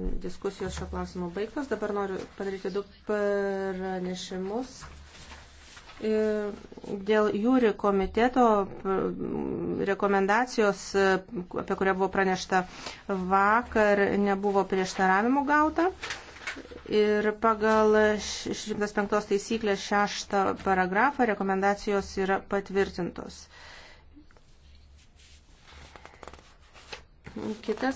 diskusijos šio klausimo baigtos. Dabar noriu padaryti du pranešimus. Dėl jūri komiteto rekomendacijos, apie kurią buvo pranešta vakar, nebuvo prieštaravimų gauta. Ir pagal 105 taisyklės 6 paragrafą rekomendacijos yra patvirtintos. Kitas